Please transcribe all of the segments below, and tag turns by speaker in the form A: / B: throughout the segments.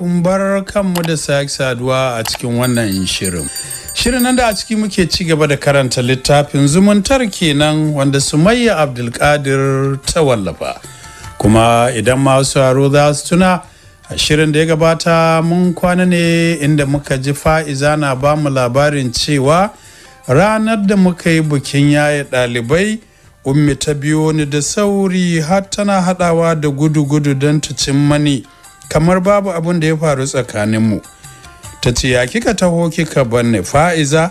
A: kumbar kanmu da sake saduwa a cikin wannan shirin. Shirin nan da a ciki muke ci gaba da karanta littafin zumuntar kenan wanda su Sumayya Abdulkadir ta wallafa. Kuma idan masu haro za su tuna a shirin da ya gabata mun kwana ne inda muka ji fa'iza na ba mu labarin cewa ranar da muka yi bukin yaye ɗalibai ummi ta biyo ni da sauri har tana haɗawa da gudu-gudu don ta cin mani. kamar babu abin da ya faru tsakaninmu ta ce ya kika taho kika banne fa'iza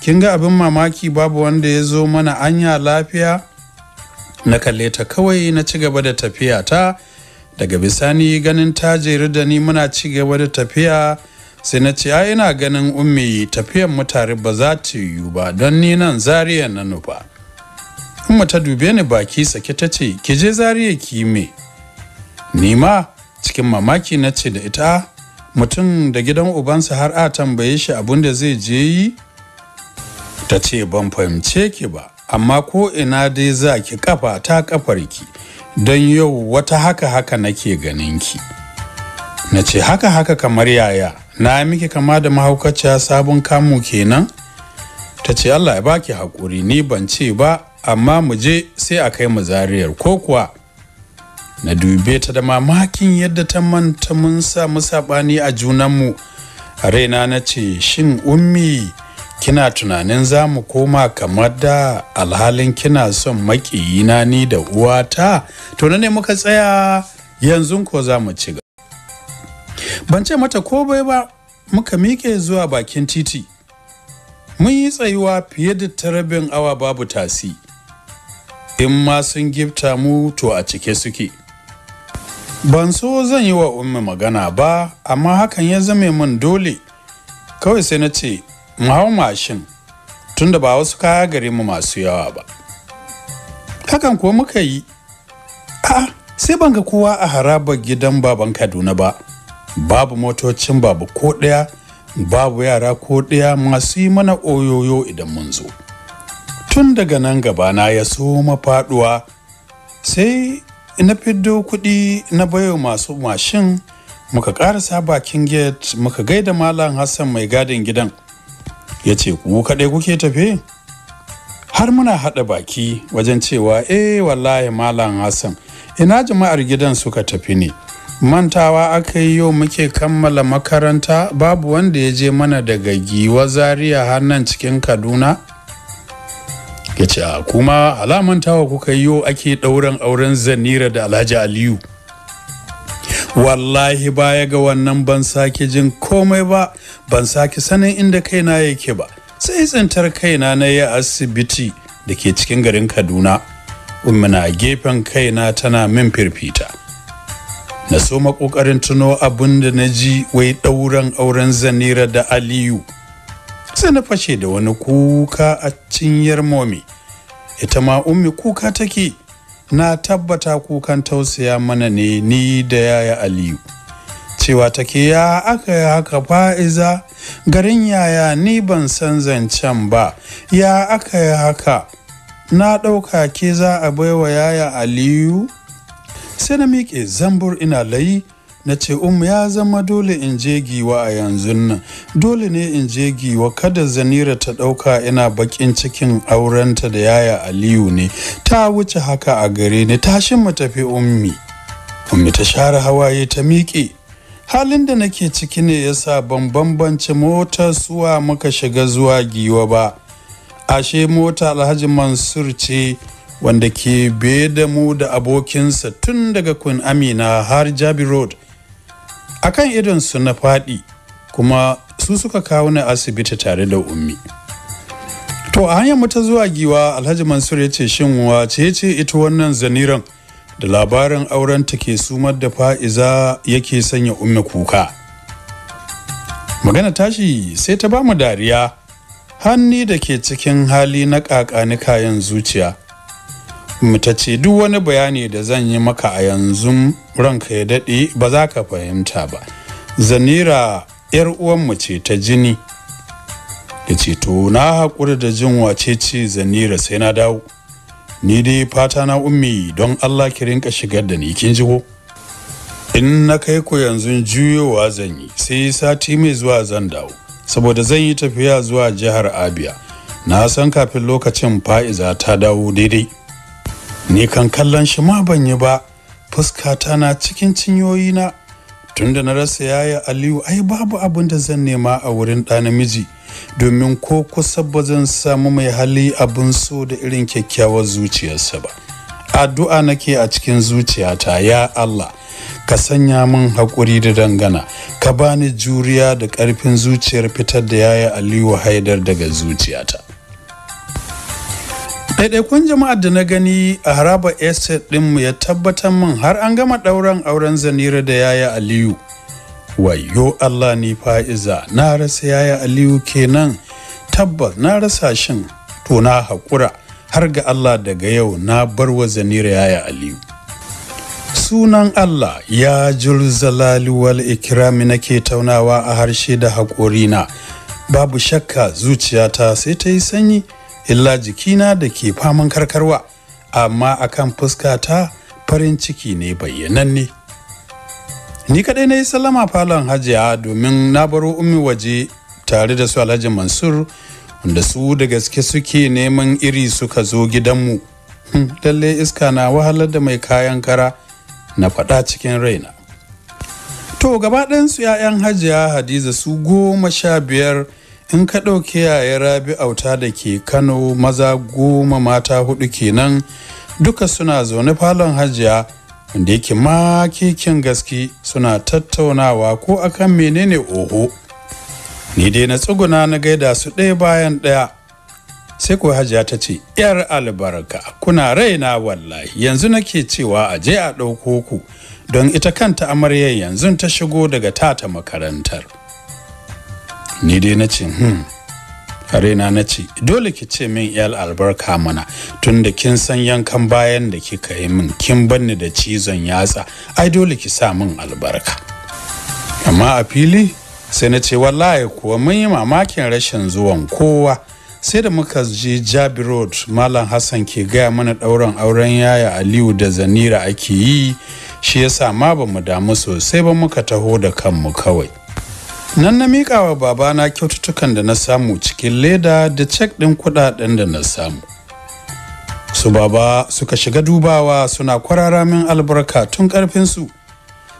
A: kin ga abin mamaki babu wanda ya zo mana anya lafiya na kalle ta kawai na ci gaba da tafiya ta daga bisani ganin ta jeru da ni muna ci gaba da tafiya sai na ce ai ina ganin ummi tafiyan mutare ba za ta yiwu ba don ni nan zariya na nufa umma ta dube ni baki sake ta ce ki je zariya ki me ni ma cikin mamaki na ce da ita mutum da gidan ubansa har a tambaye shi abin da zai je yi ta ce ban fahimce ki ba amma ko ina dai za ki kafa ta kafar ki don yau wata haka haka nake ganin ki na ce haka haka kamar yaya na yi miki kama da mahaukaciya sabon kamu kenan ta ce allah ya baki haƙuri ni ban ce ba amma mu je sai a kai mu zariyar ko kuwa na dube ta da mamakin yadda ta manta mun samu saɓani a junanmu a raina na ce shin ummi kina tunanin za mu koma kamar da alhalin kina son makiyina ni da uwata to ne muka tsaya yanzu ko za mu ci ban ce mata ko bai ba muka miƙe zuwa bakin titi mun yi tsayuwa fiye da tarabin awa babu tasi in ma sun gifta mu to a cike suke ban so zan yi wa ummi magana ba amma hakan ya zame min dole kawai sai na ce mu hau mashin tunda ba wasu kaya gare mu masu yawa ba hakan kuwa muka yi a sai ban ga kowa a harabar gidan baban kaduna ba babu motocin babu ko ɗaya babu yara ko ɗaya masu yi mana oyoyo idan mun zo tun daga nan gaba na ya so mafaɗuwa sai na fiddo kuɗi na bayo masu mashin muka ƙarasa bakin gate muka gaida malam hassan mai gadin gidan ya ce ku kaɗai kuke tafe har muna haɗa baki wajen cewa eh wallahi malam hassan ina jama'ar gidan suka tafi ne mantawa aka yi yau muke kammala makaranta babu wanda ya je mana daga giwa zaria har nan cikin kaduna ya ce kuma alamantawa kuka yi yau ake ɗauran auren zanira da alhaji aliyu wallahi baya ga wannan ban sake jin komai ba ban sake sanin inda kaina yake ba sai tsintar kaina na yi asibiti da ke cikin garin kaduna umina gefen kaina tana min firfita na so makokarin tuno abin da na ji wai ɗauran auren zanira da aliyu sai na fashe da wani kuka a cinyar momi ita ma ummi kuka take na tabbata kukan tausaya mana ne ni da yaya aliyu cewa take ya aka ya haka fa'iza garin yaya ni ban san zancen ba ya aka ya haka na ɗauka ke za a baiwa yaya aliyu sai na miƙe zambur ina layi na ce um ya zama dole in je giwa a yanzu nan dole ne in je giwa kada zanira ta ɗauka ina bakin cikin aurenta da yaya aliyu ne ta wuce haka a gare ni tashin mu tafi ummi ummi ta share hawaye ta miƙe halin da nake ciki ne yasa ban bambance motar suwa muka shiga zuwa giwa ba ashe mota alhaji mansur ce wanda ke be da mu da abokinsa tun daga kun amina har jabi road akan idonsu na faɗi kuma su suka kawo ni asibiti tare da ummi to a hanyar mu ta zuwa giwa alhaji mansur ya ce shin wace ce ita wannan zaniran da labarin auren ta ke sumar da fa'iza yake sanya ummi kuka magana tashi sai ta bamu dariya hanni da ke cikin hali na ni kayan zuciya ta ce duk wani bayani da zan yi maka a yanzu ranka ya daɗe ba za ka fahimta ba zanira yar uwanmu ce ta jini da ce to na haƙura da jin wace ce zanira sai na dawo ni dai fata na ummi don allah ki rinka shigar da ni kin ji ko in na kai ku yanzu juyowa zan yi sai sati mai zuwa zan dawo saboda zan yi tafiya zuwa jihar abia na san kafin lokacin fa'iza ta dawo daidai ni kan kallon shi ma ban yi ba fuskata na cikin cinyoyi na tunda na rasa yaya aliyu ai babu abin da zan nema a wurin ɗa namiji domin ko kusa ba zan samu mai hali abin so da irin kyakkyawar zuciyarsa ba addu'a nake a cikin zuciyata ya allah ka sanya min haƙuri da dangana ka bani juriya da ƙarfin zuciyar fitar da yaya aliyu haidar daga zuciyata ɗaiɗaikun jama'ar da na gani a haraba estate ɗinmu ya tabbatar min har an gama ɗauran auren zanira da yaya aliyu wayo allah ni fa'iza na rasa yaya aliyu kenan tabbas na rasa shin to na haƙura har ga allah daga yau na bar wa zanira yaya aliyu sunan allah ya julzalali wal ikirami nake taunawa a harshe da haƙorina babu shakka zuciyata sai ta yi sanyi illa jikina da ke faman karkarwa amma akan fuskata farin ciki ne bayyananne ni kadai na yi sallama falon hajiya domin na baro umi waje tare da su alhaji mansur wanda su da gaske suke neman iri suka zo gidanmu hmm, lalle iska na wahalar da mai kayan kara na faɗa cikin raina to gaba ɗansu 'ya'yan hajiya hadiza su goma sha biyar in ka ɗauki yaya rabi auta da ke kano maza goma mata hudu kenan duka suna zaune falon hajiya wanda yake makikin gaske suna tattaunawa ko akan menene oho ni dai na tsuguna na gaida su ɗaya bayan ɗaya sai ko hajiya ta ce yar albarka kuna raina wallahi yanzu nake cewa a je a ɗauko ku don ita kanta amaryar yanzu ta shigo daga tata makarantar ni dai na ce hmm raina na ce dole ki ce min yal albarka mana tunda kin san yankan bayan da kika yi min kin banni da cizon yatsa ai dole ki sa min albarka amma a fili sai na ce wallahi kuwa mun yi mamakin rashin zuwan kowa sai da muka je jabi road malam hassan ke gaya mana dauran auren yaya aliyu da zanira ake yi shi yasa ma ba mu damu sosai ba muka taho da kanmu kawai nan na miƙa wa babana kyaututtukan da na samu cikin leda da cek ɗin kuɗaɗen da na samu su baba suka shiga dubawa suna kwarara min albarka tun ƙarfinsu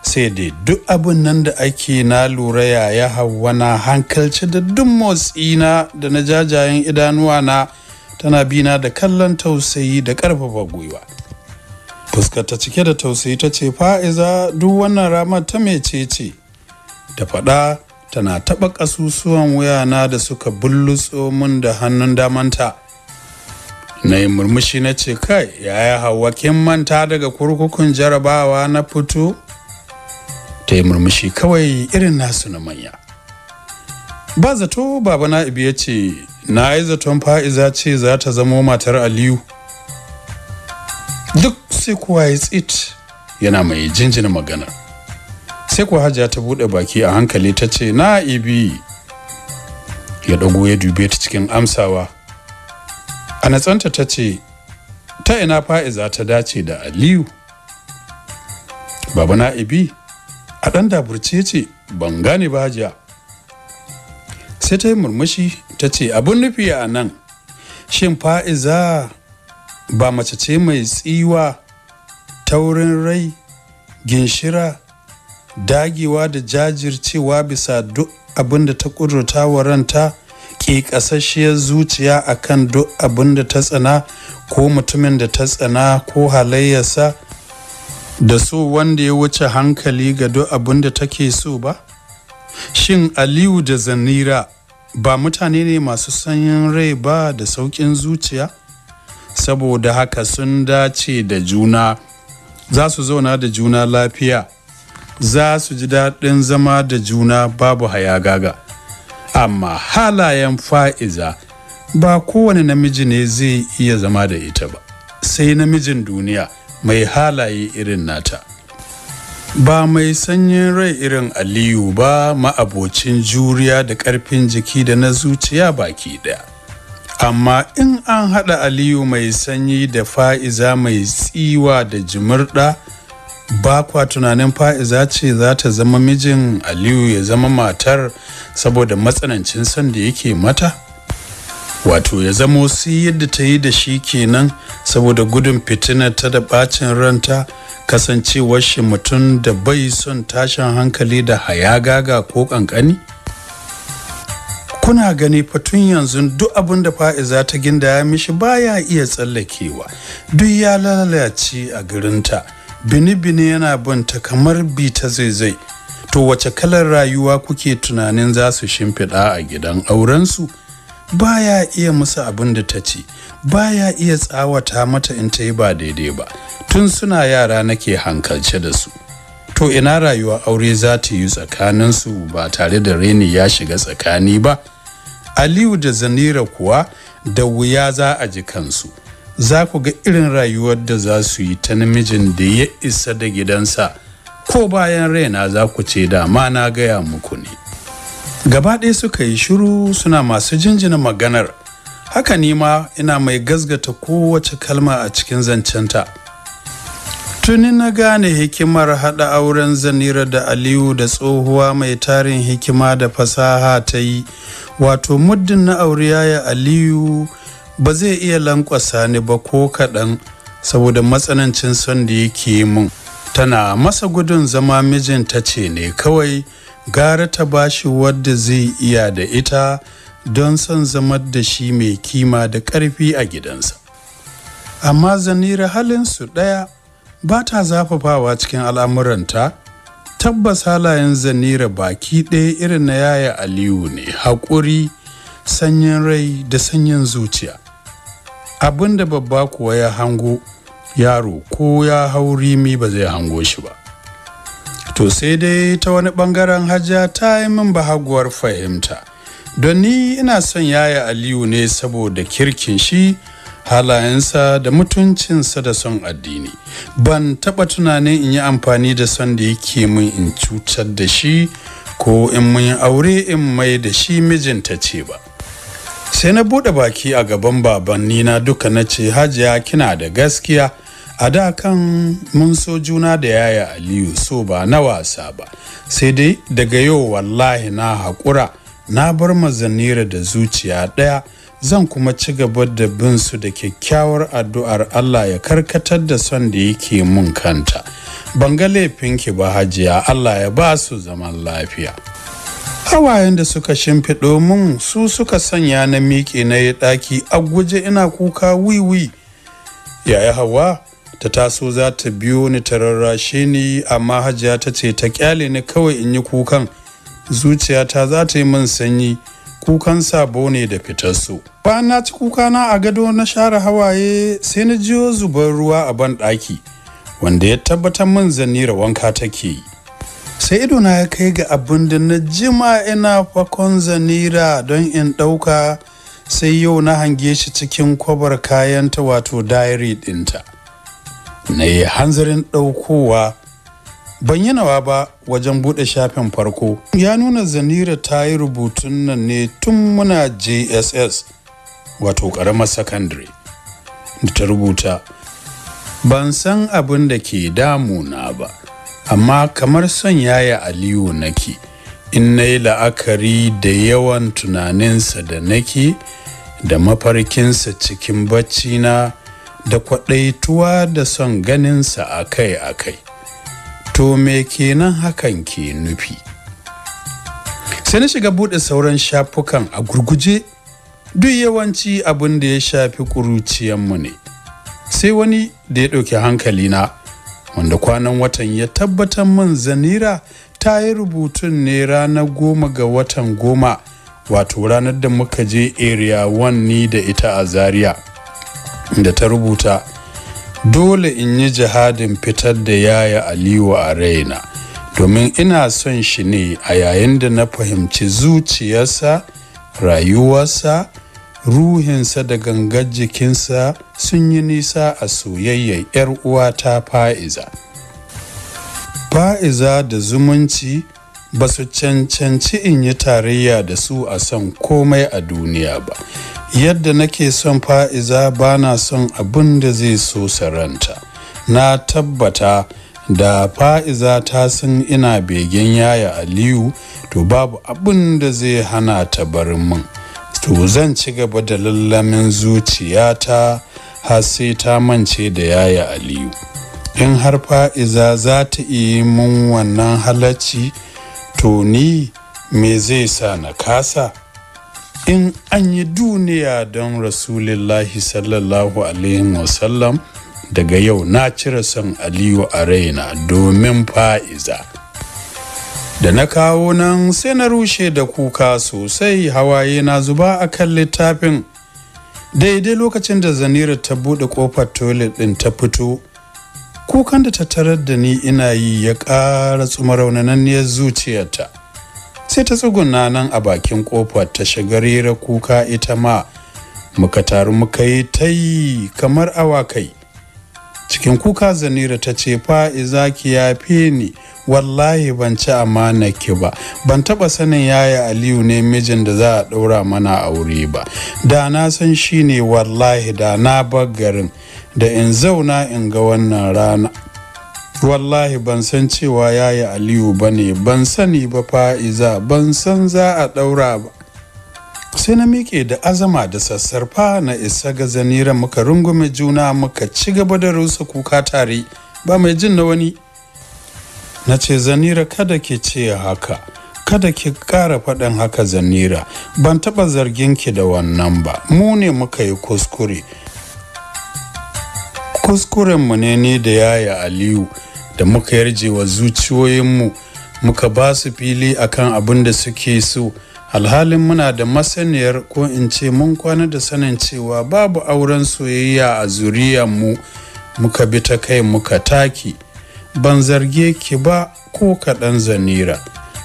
A: sai dai duk abin nan da ake na lura ya hawa na hankalci da duk motsina da na jajayen idanuwa na tana bina da kallon tausayi da ƙarfafa gwiwa fuskata cike da tausayi ta ce fa'iza duk wannan ramar ta mecece da faɗa tana taɓa ƙasusuwan wuyana da suka bullutso min da hannun damanta na yi murmushi na ce kai yaya hawa kin manta daga kurkukun jarabawa na fito ta yi murmushi kawai irin nasu na manya ba zato baba na ibi ya ce na yi zaton fa'iza ce za ta zamo matar aliyu duk sai kuwa ya tsit yana mai jinjina maganar sai ko hajiya ta buɗe baki a hankali ta ce na ibi ya dago ya dube ta cikin amsawa a natsanta ta ce ta ina fa'iza ta dace da aliyu baba na ibi a ɗan daburce ce ban gane ba hajiya sai ta yi murmushi ta ce abin nufi a nan shin fa'iza ba mace ce mai tsiwa taurin rai ginshira dagewa da jajircewa bisa duk abinda ta kudurta wa ranta ke ƙasasshiyar zuciya akan duk abin ta tsana ko mutumin da ta tsana ko halayyarsa da so wanda ya wuce hankali ga duk abin take so ba shin aliyu da zanira ba mutane ne masu sanyin rai ba da sauƙin zuciya saboda haka sun dace da juna za su zauna da juna lafiya za su ji daɗin zama da juna babu hayagaga amma halayen fa'iza ba kowane namiji ne zai iya zama da ita ba sai namijin duniya mai halaye irin nata ba mai sanyin rai irin aliyu ba ma'abocin juriya da ƙarfin jiki da na zuciya baki ɗaya amma in an haɗa aliyu mai sanyi da fa'iza mai tsiwa da jimurɗa ba kwa tunanin fa'iza ce za ta zama mijin aliyu ya zama matar saboda matsanancin son da yake mata wato ya zamo si yadda ta yi da shi kenan saboda gudun fitina ta da bacin ranta kasancewar shi mutum da bai son tashin hankali da hayagaga ko kankani kuna gani fatun yanzu duk abin da fa'iza ta ginda ya mishi baya iya tsallakewa duk ya lalace a garinta bini-bini yana binta kamar bi ta zai-zai to wace kalar rayuwa kuke tunanin za su shimfiɗa a gidan aurensu baya iya musu abin da ta ce baya iya tsawata mata in ta yi ba daidai ba tun suna yara nake hankalce da su to ina rayuwa aure za ta yi tsakaninsu ba tare da reni ya shiga tsakani ba aliyu da zanira kuwa da wuya za a ji kansu za ku ga irin rayuwar da za su yi ta namijin da ya isa da gidansa ko bayan raina za ku ce dama na gaya muku ne gaba ɗaya suka yi shiru suna masu jinjina maganar haka nima ina mai gazgata kowace kalma a cikin zancenta tuni na gane hikimar haɗa auren zanira da aliyu da tsohuwa mai tarin hikima da fasaha ta yi wato muddin na aure yaya aliyu ba zai iya lankwasa ni ba ko kaɗan saboda matsanancin son da yake mun tana masa gudun zama mijinta ce ne kawai gara ta bashi wadda zai iya da ita don son zamar da shi mai kima da ƙarfi a gidansa amma zanira halinsu ɗaya ba ta zafafawa cikin al'amuranta tabbas halayen zanira baki ɗaya irin na yaya aliyu ne haƙuri sanyin rai da sanyin zuciya abinda babba kuwa ya hango yaro ko ya hau rimi ba zai hango shi ba to sai dai ta wani bangaren hajja ta yi min bahaguwar fahimta don ni ina son yaya aliyu ne saboda kirkin shi halayensa da mutuncinsa da son addini ban taɓa tunanin in yi amfani da son da yake min in cutar da shi ko in mun aure in mai da shi mijinta ce ba sai na buɗe baki a gaban babanni na duka na ce hajiya kina da gaskiya a da kan mun so juna da yaya aliyu so ba na wasa ba sai dai daga yau wallahi na haƙura na bar mazanira da zuciya ɗaya zan kuma ci gaba da bin su da kyakkyawar addu'ar Allah ya karkatar da son da yake mun kanta ban ga laifinki ba hajiya Allah ya ba su zaman lafiya hawayen da suka shimfiɗo mun su suka sanya na miƙe na ya ɗaki a guje ina kuka wiwi yaya hawa ta taso za ta biyo ni ta rarrashe ni amma hajiya ta ce ta kyale ni kawai in yi kukan zuciyata za ta yi min sanyi kukan sabo ne da fitar su bayan na ci na a gado na share hawaye sai na jiyo zubar ruwa a ban ɗaki wanda ya tabbatar min zanira wanka take yi sai na ya kai ga abin da na jima ina fakon zanira don in ɗauka sai yau na hange shi cikin kwabar kayanta wato diary ɗinta na yi hanzarin ɗaukowa ban yi nawa ba wajen buɗe shafin farko ya nuna zanira ta yi rubutun nan ne tun muna jss wato ƙaramar secondary da ta rubuta ban san abin da ke damuna ba amma kamar son yaya aliyu nake in na yi la'akari da yawan tunaninsa da nake da mafarkinsa cikin baccina da kwaɗaituwa da son ganinsa akai-akai to me kenan hakan ke nufi sai na shiga buɗe sauran shafukan a gurguje duk yawanci abin da ya shafi ƙuruciyanmu ne sai wani da ya ɗauki hankalina wanda kwanan watan ya tabbatar min zanira ta yi rubutun ne ranar goma ga watan goma wato ranar da muka je area One ni da ita a zaria da ta rubuta dole in yi jihadin fitar da yaya aliyu a raina domin ina son shi ne a yayin da na fahimci zuciyarsa rayuwarsa ruhinsa da gangar jikinsa sun yi nisa a soyayyar 'yar uwata fa'iza fa'iza da zumunci ba su cancanci in yi tarayya da su a son komai a duniya ba yadda nake son fa'iza ba na son abin da zai so saranta na tabbata da fa'iza ta san ina begen yaya aliyu to babu abin da zai hana ta barin min. to zan ci gaba da lallamin zuciyata har sai ta mance da yaya aliyu in har fa'iza za ta iya mun wannan halacci to ni me zai sa na kasa in an yi duniya don rasulullahi sallallahu alaihi wasallam daga yau na cire son aliyu a raina domin fa'iza da na kawo nan sai na rushe da kuka sosai hawaye na zuba a kan littafin daidai lokacin da zanira ta buɗe ƙofar toilet ɗin ta fito kukan da ta tarar da ni ina yi ya ƙara tsuma raunananniyar zuciyarta sai ta tsuguna nan a bakin ƙofar ta shiga rera kuka ita ma muka taru muka yi ta yi kamar awakai cikin kuka zanira ta ce fa'iza ki yafe ni wallahi ban ci amana ki ba ban taba sanin yaya aliyu ne mijin da za a ɗaura mana aure ba da na san shi ne wallahi da na bar garin da in zauna in ga wannan rana wallahi ban san cewa yaya aliyu ba ne ban sani ba fa'iza ban san za a ɗaura ba sai na miƙe da azama da sassarfa na isa ga zanira muka rungume juna muka ci gaba da rusa kuka tare ba mai jin na wani na ce zanira kada ki ce haka kada ki ƙara faɗin haka zanira ban taɓa zargin ki da wannan ba mu ne muka yi kuskure kuskurenmu ne ne da yaya aliyu da muka yarje wa zuciyoyinmu muka ba su fili akan abin da suke so alhalin muna da masaniyar ko in ce mun kwana da sanin cewa babu auren soyayya a zuriyarmu muka bi ta kai muka taki ban zarge ki ba ko kaɗan zanira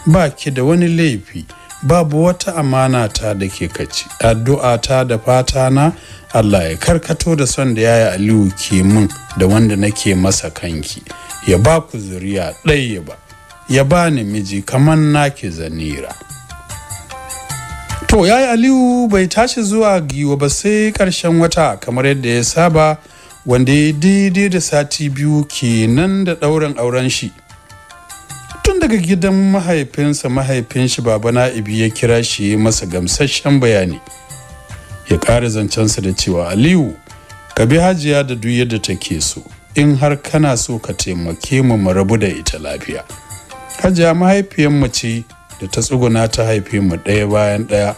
A: ba ki da wani laifi babu wata amana ta da ke kaci addu'a ta da fata na Allah ya karkato da son da yaya Aliyu ke min da wanda nake masa kanki ya ba ku zuriya ɗaya ba ya ba ni miji kamar nake zanira to yaya Aliyu bai tashi zuwa giwa ba sai ƙarshen wata kamar yadda ya saba wanda ya daidai da sati biyu kenan da ɗaurin auren shi tun daga gidan mahaifinsa mahaifin shi baba na'ibi ya kira shi masa gamsasshen bayani ya ƙara zancensa da cewa aliyu ka bi hajiya da duk yadda take so in har kana so ka taimake mu mu rabu da ita lafiya hajiya mahaifiyar mace da ta tsuguna ta haife mu ɗaya bayan ɗaya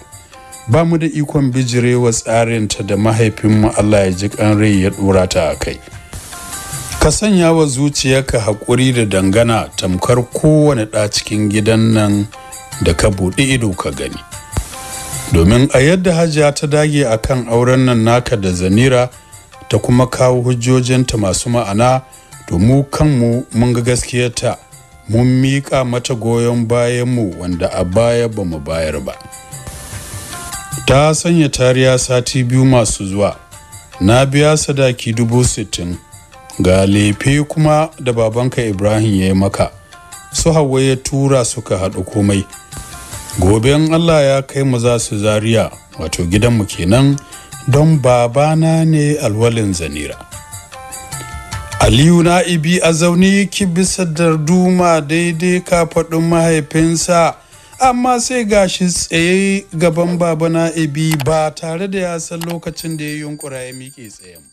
A: ba mu da ikon bijirewa tsarinta da mahaifinmu Allah ya ji rai ya dora ta a kai ka sanya wa zuciyarka haƙuri da dangana tamkar kowane ɗa cikin gidan nan da ka buɗe ido ka gani domin a yadda hajiya ta dage a kan auren nan naka da zanira ta kuma kawo hujjojinta masu ma'ana to mu kanmu mun ga gaskiyarta mun miƙa mata goyon bayanmu wanda a baya ba mu bayar ba. ta sanya tariya sati biyu masu zuwa na biya sadaki dubu sittin ga lefe kuma da babanka ibrahim ya yi maka su hawa ya tura suka haɗu komai goben allah ya kai mu za su zaria wato gidanmu kenan don babana ne alwalin zanira aliyu na ibi a zauni ki bisa darduma daidai ka faɗin mahaifinsa amma sai gashi tsaye gaban babana ebi ba tare da ya san lokacin da ya yunkura ya miƙe tsayen